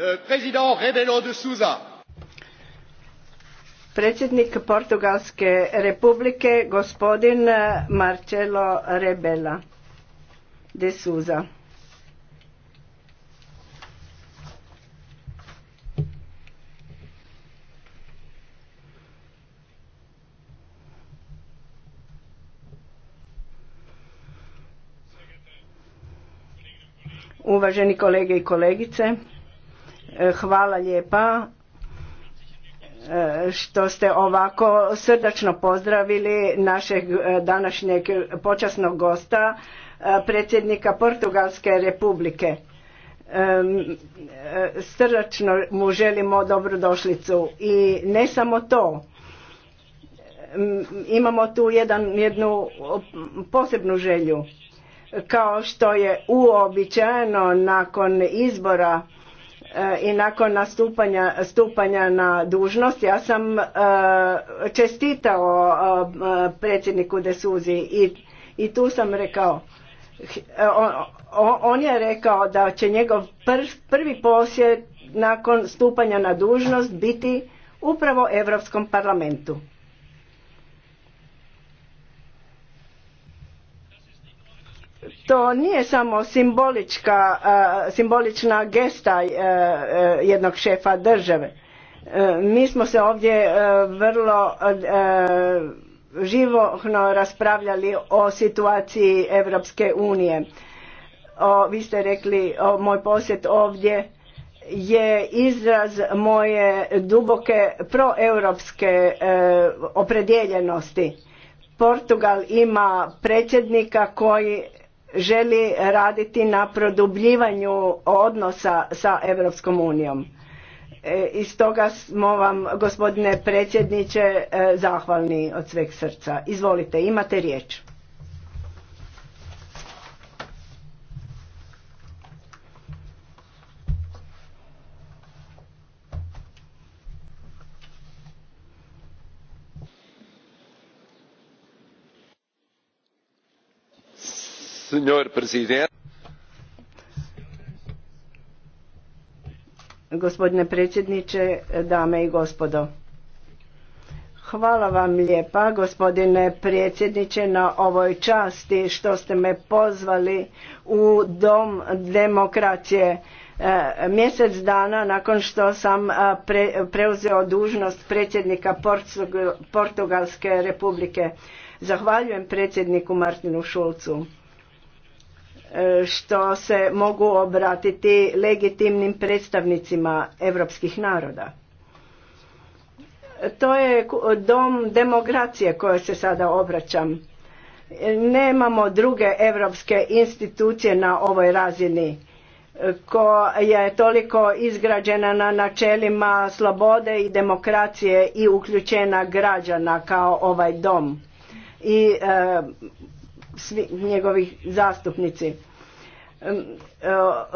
Le président Predsjednik Portugalske republike, gospodin Marcelo Rebela de Souza. uvaženi kolege i kolegice Hvala lijepa e, što ste ovako srdačno pozdravili našeg e, današnjeg počasnog gosta, e, predsjednika Portugalske republike. Srdačno mu želimo dobrodošlicu i ne samo to, imamo tu jedan, jednu posebnu želju. Kao što je uobičajeno nakon izbora E, i nakon nastupanja stupanja na dužnost ja sam e, čestitao e, predsjedniku Desuzi i, i tu sam rekao on, on je rekao da će njegov prvi posjet nakon stupanja na dužnost biti upravo Europskom parlamentu. to nije samo simbolička, e, simbolična gesta e, e, jednog šefa države. Mi smo se ovdje vrlo živohno raspravljali o situaciji Europske unije. Vi ste rekli o, moj posjet ovdje je izraz moje duboke proeuropske opredjeljenosti. Portugal ima predsjednika koji želi raditi na produbljivanju odnosa sa Europskom unijom. E, I stoga smo vam, gospodine predsjedniče, e, zahvalni od sveg srca. Izvolite, imate riječ. Gospodine predsjedniče, dame i gospodo. Hvala vam lijepa gospodine predsjedniče na ovoj časti što ste me pozvali u Dom demokracije. E, mjesec dana nakon što sam e, preuzeo dužnost predsjednika Portugalske republike. Zahvaljujem predsjedniku Martinu Šulcu. E, što se mogu obratiti legitimnim predstavnicima europskih naroda. To je dom demokracije koje se sada obraćam. Nemamo druge europske institucije na ovoj razini e, koja je toliko izgrađena na načelima slobode i demokracije i uključena građana kao ovaj dom. I e, svi njegovi zastupnici. E,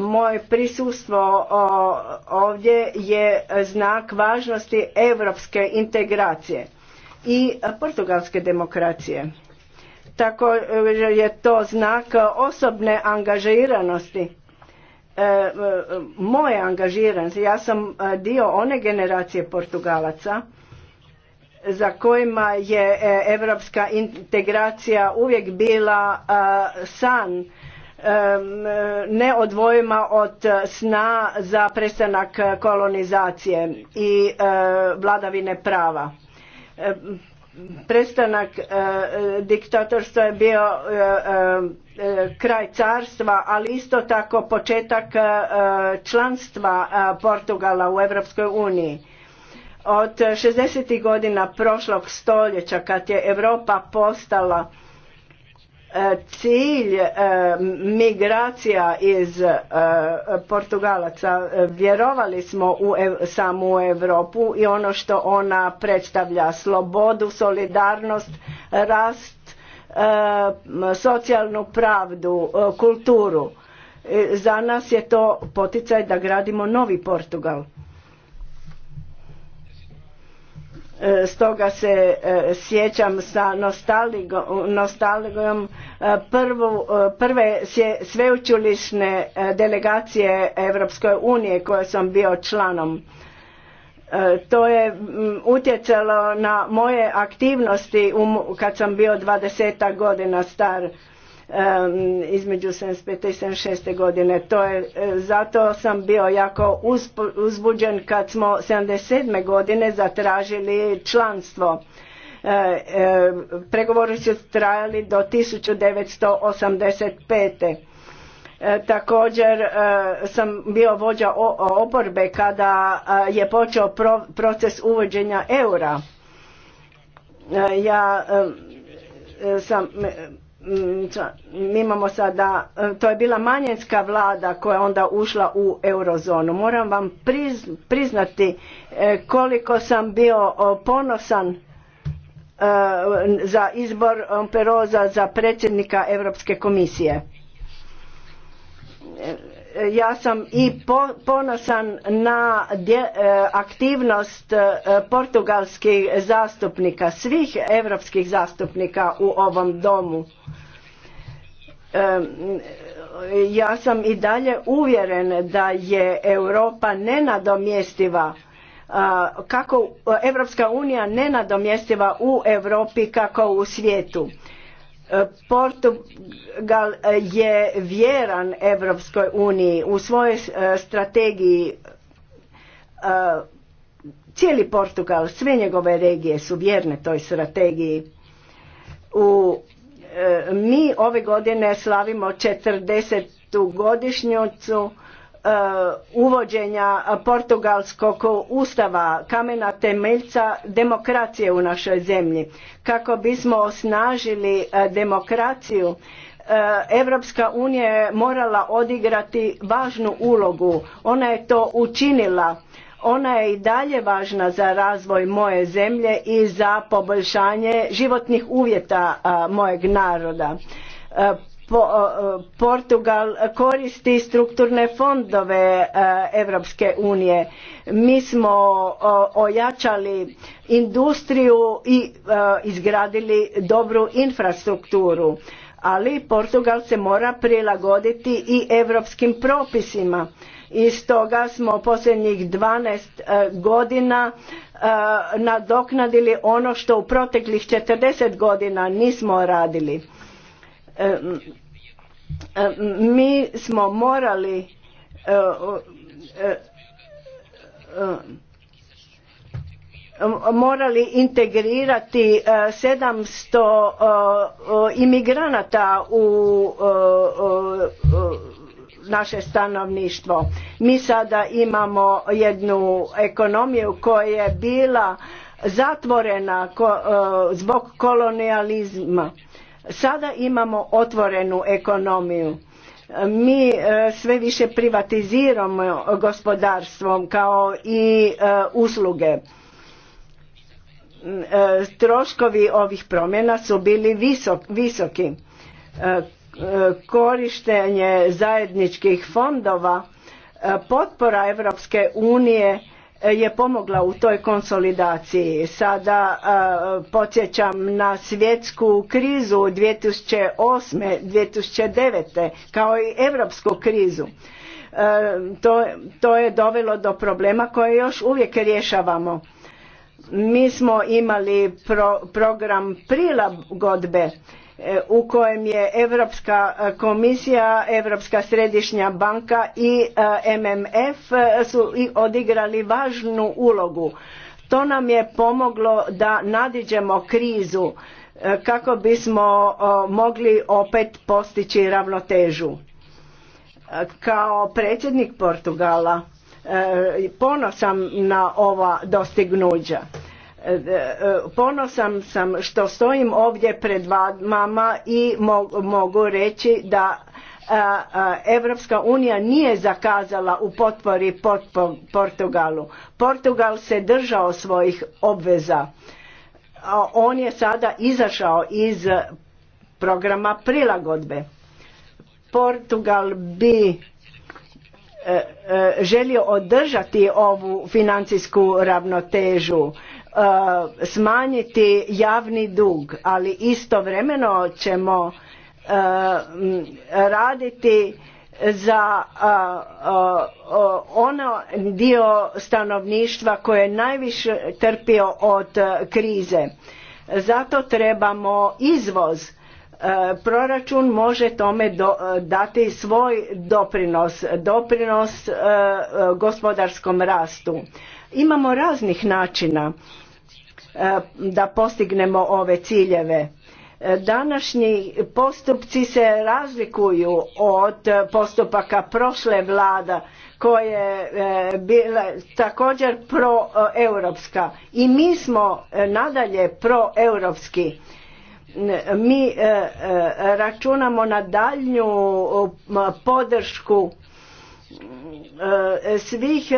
moje prisustvo ovdje je znak važnosti europske integracije i portugalske demokracije. Tako je to znak osobne angažiranosti. E, e, moje angažiranosti. Ja sam dio one generacije Portugalaca za kojima je europska integracija uvijek bila e, san neodvojima od sna za prestanak kolonizacije i e, vladavine prava. E, prestanak diktatorstva je bio kraj carstva, ali isto tako početak članstva Portugala u Europskoj uniji od 60. godina prošlog stoljeća kad je Europa postala e, cilj e, migracija iz e, Portugalaca vjerovali smo u samu Europu i ono što ona predstavlja slobodu, solidarnost, rast, socijalnu pravdu, kulturu. Za nas je to poticaj da gradimo novi Portugal. E, stoga se e, sjećam sa nostalgijom e, prve sveučilišne delegacije Europske unije koje sam bio članom. To je utjecalo na moje aktivnosti kad sam bio 20 godina star između 75. i 76. godine. To je, e, zato sam bio jako uzbuđen kad smo 77. godine zatražili članstvo. E, e, pregovori su trajali do 1985. Također sam bio vođa oporbe kada je počeo proces uvođenja eura. Ja sam mi mm, imamo sada, e, to je bila manjinska vlada koja je onda ušla u eurozonu. Moram vam priznati e, koliko sam bio ponosan e, za izbor Peroza za predsjednika Europske komisije ja sam i ponosan na e, aktivnost e, portugalskih zastupnika, svih europskih zastupnika u ovom domu. E, ja sam i dalje uvjeren da je Europa nenadomjestiva kako Europska unija nenadomjestiva u Europi kako u svijetu Portugal e, je vjeran Evropskoj uniji u svojoj e, strategiji e, cijeli Portugal, sve njegove regije su vjerne toj strategiji. U, mi ove godine slavimo 40. godišnjicu E, uvođenja portugalskog ustava, kamena temeljca demokracije u našoj zemlji. Kako bismo osnažili e, demokraciju, Europska unija je morala odigrati važnu ulogu. Ona je to učinila. Ona je i dalje važna za razvoj moje zemlje i za poboljšanje životnih uvjeta mojeg naroda e, Portugal koristi strukturne fondove Europske unije. Mi smo ojačali industriju i e, izgradili dobru infrastrukturu, ali Portugal se mora prilagoditi i europskim propisima. I stoga smo posljednjih 12 e, godina e, nadoknadili ono što u proteklih 40 godina nismo radili mi smo morali e, e, e, morali integrirati 700 imigranata u naše stanovništvo. Mi sada imamo jednu ekonomiju koja je bila zatvorena zbog kolonializma Sada imamo otvorenu ekonomiju. Mi e, sve više privatiziramo gospodarstvom kao i e, usluge. E, troškovi ovih promjena su bili visoki. Korištenje zajedničkih fondova, potpora Europske unije je pomogla u toj konsolidaciji. Sada podsjećam na svjetsku krizu 2008. 2009. kao i europsku krizu. E, to, je dovelo do problema koje još uvijek rješavamo. Mi smo imali program prilagodbe E, u kojem je Europska e, komisija, Europska središnja banka i e, MMF su i odigrali važnu ulogu. To nam je pomoglo da nadiđemo krizu kako bismo mogli opet postići ravnotežu. Kao predsjednik Portugala ponosam na ova dostignuća. Ponosan sam što stojim ovdje pred vama i mogu reći da Evropska unija nije zakazala u potpori Portugalu. Portugal se držao svojih obveza. On je sada izašao iz programa prilagodbe. Portugal bi e, e, želio održati ovu financijsku ravnotežu E, smanjiti javni dug, ali istovremeno ćemo e, raditi za ono dio stanovništva koje je najviše trpio od krize. Zato trebamo izvoz. E, proračun može tome dati svoj doprinos, doprinos gospodarskom rastu. Imamo raznih načina E, da postignemo ove ciljeve. E, današnji postupci se razlikuju od postupaka prošle vlada koja je bila također proeuropska i mi smo e, nadalje proeuropski mi računamo na daljnju podršku svih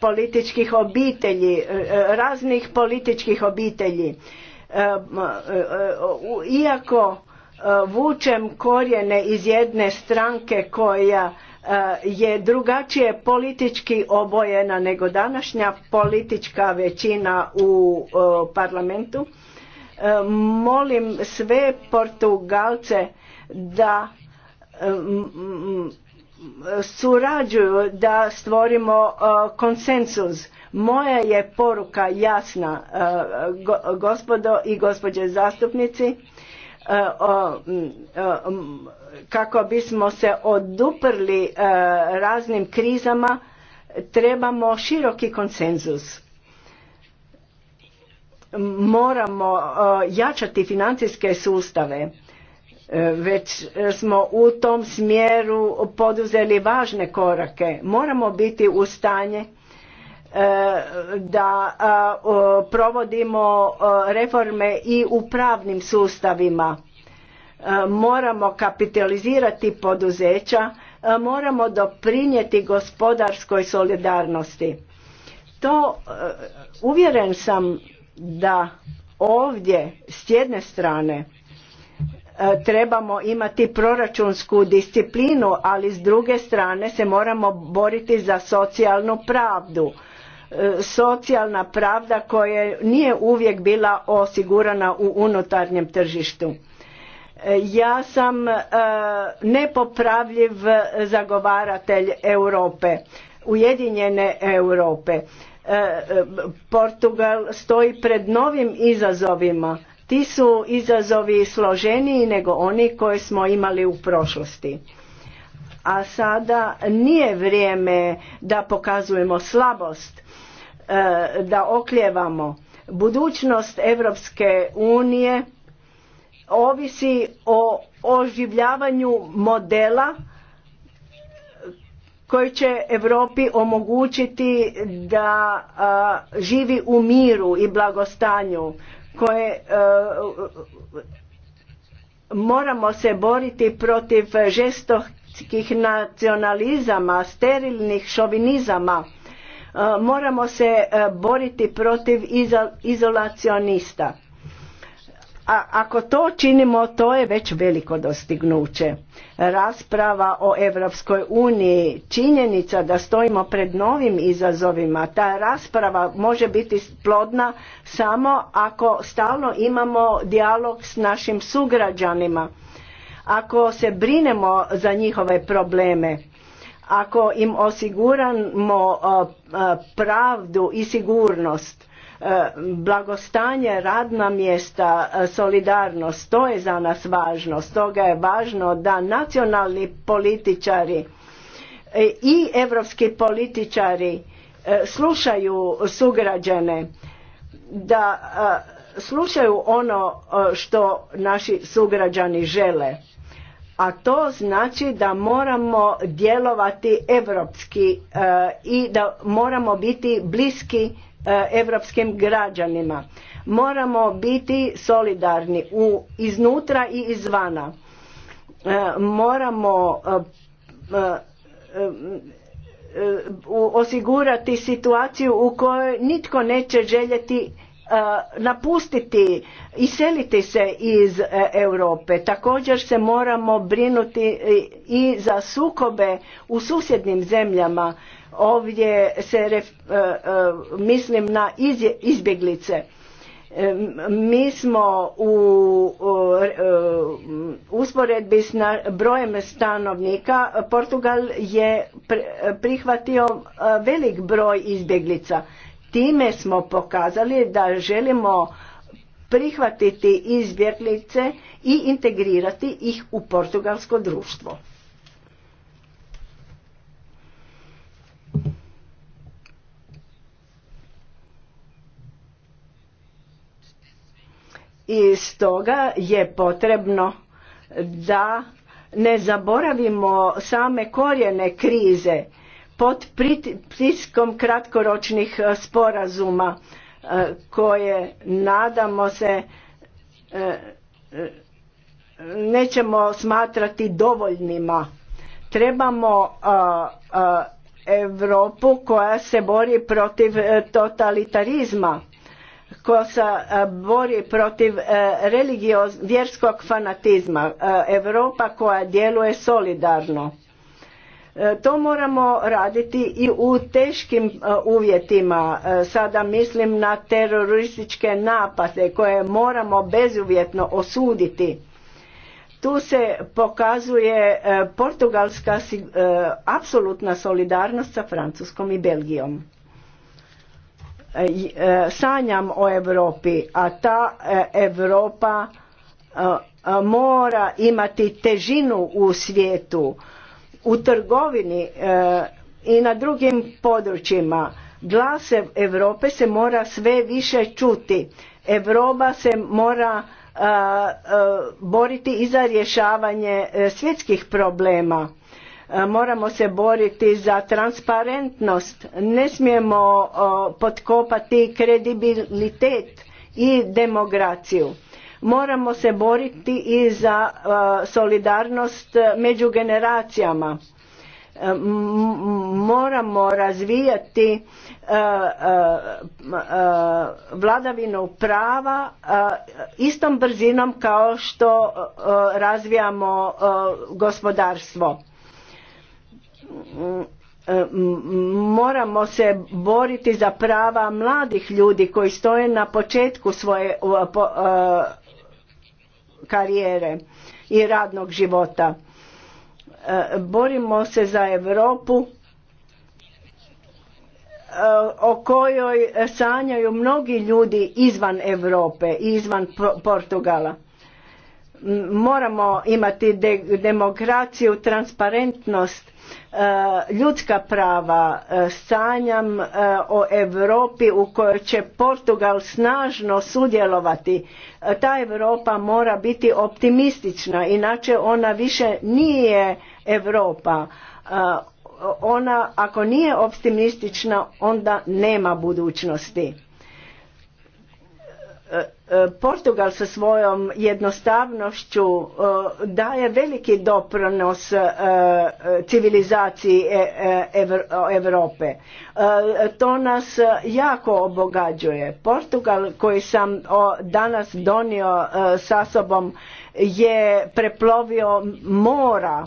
političkih obitelji, e, e, raznih političkih obitelji. E, iako vučem korijene iz jedne stranke koja je drugačije politički obojena nego današnja politička većina u parlamentu. Molim sve Portugalce da surađuju da stvorimo uh, konsensus. Moja je poruka jasna, uh, gospodo i gospođe zastupnici, uh, mm, mm, kako bismo se oduprli raznim krizama, trebamo široki konsenzus. Moramo jačati financijske sustave E, već e, smo u tom smjeru poduzeli važne korake. Moramo biti u stanje da provodimo reforme i u pravnim sustavima. E, moramo kapitalizirati poduzeća, moramo doprinijeti gospodarskoj solidarnosti. To uvjeren sam da ovdje s jedne strane E, trebamo imati proračunsku disciplinu, ali s druge strane se moramo boriti za socijalnu pravdu. E, socijalna pravda koja nije uvijek bila osigurana u unutarnjem tržištu. E, ja sam nepopravljiv zagovaratelj Europe, Ujedinjene Europe. Portugal stoji pred novim izazovima ti su izazovi složeniji nego oni koje smo imali u prošlosti. A sada nije vrijeme da pokazujemo slabost, e, da okljevamo. Budućnost Europske unije ovisi o oživljavanju modela koji će Europi omogućiti da živi u miru i blagostanju koje e, moramo se boriti protiv žestokih nacionalizama, sterilnih šovinizama, e, moramo se e, boriti protiv izolacionista. A ako to činimo, to je već veliko dostignuće. Rasprava o Europskoj uniji, činjenica da stojimo pred novim izazovima, ta rasprava može biti plodna samo ako stalno imamo dijalog s našim sugrađanima, ako se brinemo za njihove probleme, ako im osiguramo pravdu i sigurnost E, blagostanje, radna mjesta, e, solidarnost, to je za nas važno. Stoga je važno da nacionalni političari e, i europski političari slušaju sugrađane, da slušaju ono što naši sugrađani žele. A to znači da moramo djelovati europski i da moramo biti bliski europskim građanima. Moramo biti solidarni u iznutra i izvana. E, moramo e, e, osigurati situaciju u kojoj nitko neće željeti napustiti i seliti se iz Europe. Također se moramo brinuti i za sukobe u susjednim zemljama Ovdje se ref, e, e, mislim na izbjeglice. E, mi smo u usporedbi s brojem stanovnika, Portugal je prihvatio velik broj izbjeglica. Time smo pokazali da želimo prihvatiti izbjeglice i integrirati ih u portugalsko društvo. i stoga je potrebno da ne zaboravimo same korijene krize pod pritiskom kratkoročnih e, sporazuma e, koje nadamo se e, nećemo smatrati dovoljnima. Trebamo Europu koja se bori protiv totalitarizma koja se bori protiv e, vjerskog fanatizma. Europa koja djeluje solidarno. E, to moramo raditi i u teškim e, uvjetima. Sada mislim na terorističke napade koje moramo bezuvjetno osuditi. Tu se pokazuje portugalska apsolutna solidarnost sa Francuskom i Belgijom. E, e, sanjam o Europi, a ta Europa e, mora imati težinu u svijetu, u trgovini i na drugim područjima. Glas Europe se mora sve više čuti. Europa se mora boriti i za rješavanje svjetskih problema moramo se boriti za transparentnost ne smijemo potkopati kredibilitet i demokraciju moramo se boriti i za solidarnost među generacijama e, moramo razvijati e, e, vladavinu prava istom brzinom kao što razvijamo gospodarstvo E, moramo se boriti za prava mladih ljudi koji stoje na početku svoje e, karijere i radnog života. E, borimo se za Europu o kojoj sanjaju mnogi ljudi izvan Europe i izvan Portugala. Moramo imati demokraciju, transparentnost Eh, ljudska prava eh, sanjam eh, o Europi u kojoj će Portugal snažno sudjelovati ta Europa mora biti optimistična inače ona više nije Europa ona ako nije optimistična onda nema budućnosti E, Portugal sa svojom jednostavnošću e, daje veliki doprinos e, civilizaciji Europe. To nas jako obogađuje. Portugal koji sam danas donio sa sobom je preplovio mora,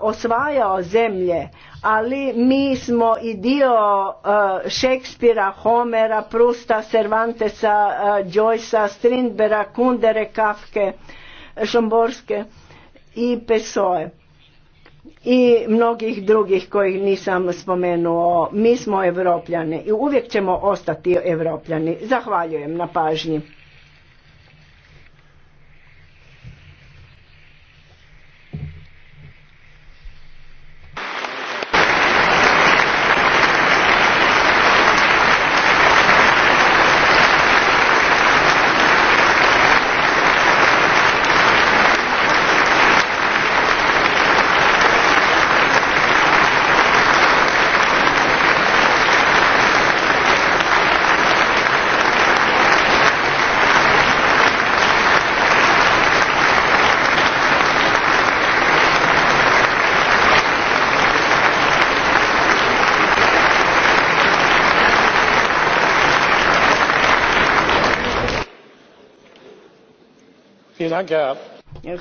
osvajao zemlje, ali mi smo i dio Šekspira, uh, Homera, Prusta, Cervantesa, uh, Joycea, Strindbera, Kundere, Kafke, Šomborske i Pesoe i mnogih drugih kojih nisam spomenuo. Mi smo evropljani i uvijek ćemo ostati evropljani. Zahvaljujem na pažnji.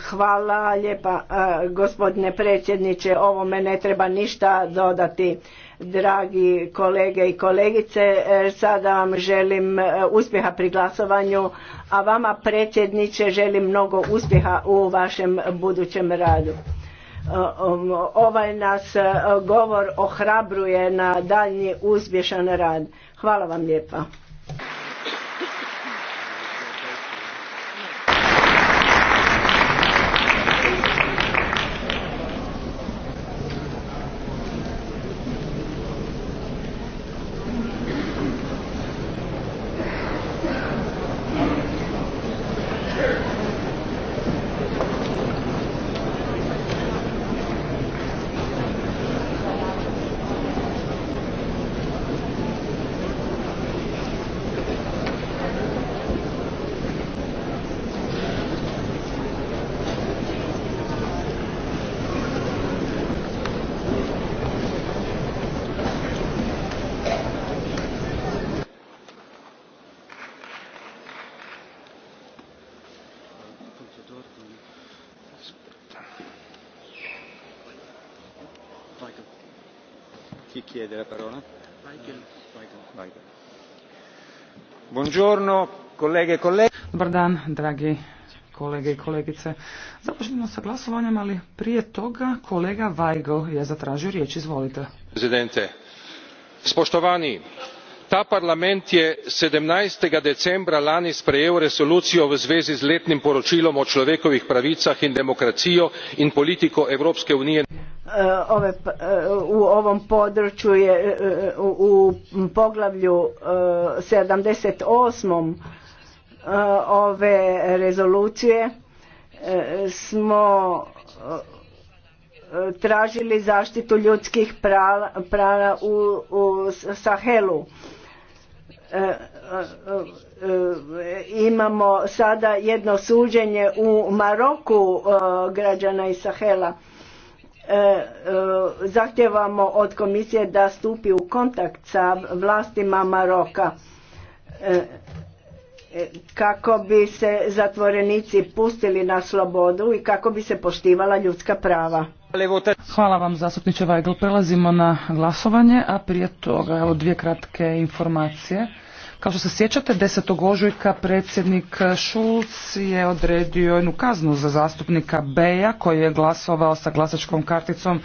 Hvala lijepa e, gospodine predsjedniče, ovome ne treba ništa dodati. Dragi kolege i kolegice, e, sada vam želim e, uspjeha pri glasovanju, a vama predsjedniče želim mnogo uspjeha u vašem budućem radu. Ovaj nas govor ohrabruje na daljnji uspješan rad. Hvala vam lijepa. E Dobar dan, dragi kolege i kolegice. Započnemo sa glasovanjem, ali prije toga kolega Weigl je zatražio riječ. Izvolite. Prezidente, spoštovani, ta parlament je 17. decembra lani sprejel resolucijo v zvezi z letnim poročilom o človekovih pravicah in demokracijo in politiko evropske unije. E, ove, e, u ovom području je e, u poglavlju 78. ove rezolucije smo tražili zaštitu ljudskih prava, prava u, Sahelu. imamo sada jedno suđenje u Maroku građana iz Sahela E, e, zahtjevamo od komisije da stupi u kontakt sa vlastima Maroka e, kako bi se zatvorenici pustili na slobodu i kako bi se poštivala ljudska prava. Hvala vam zastupniče Weigl. Prelazimo na glasovanje, a prije toga evo dvije kratke informacije. Kao što se sjećate, 10. ožujka predsjednik Šulc je odredio jednu kaznu za zastupnika Beja koji je glasovao sa glasačkom karticom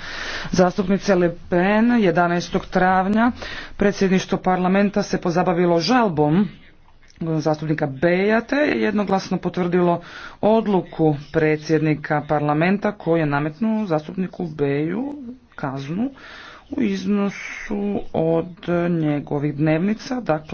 zastupnice Le Pen 11. travnja. Predsjedništvo parlamenta se pozabavilo žalbom zastupnika Beja te je jednoglasno potvrdilo odluku predsjednika parlamenta koji je nametnuo zastupniku Beju kaznu u iznosu od njegovih dnevnica, dakle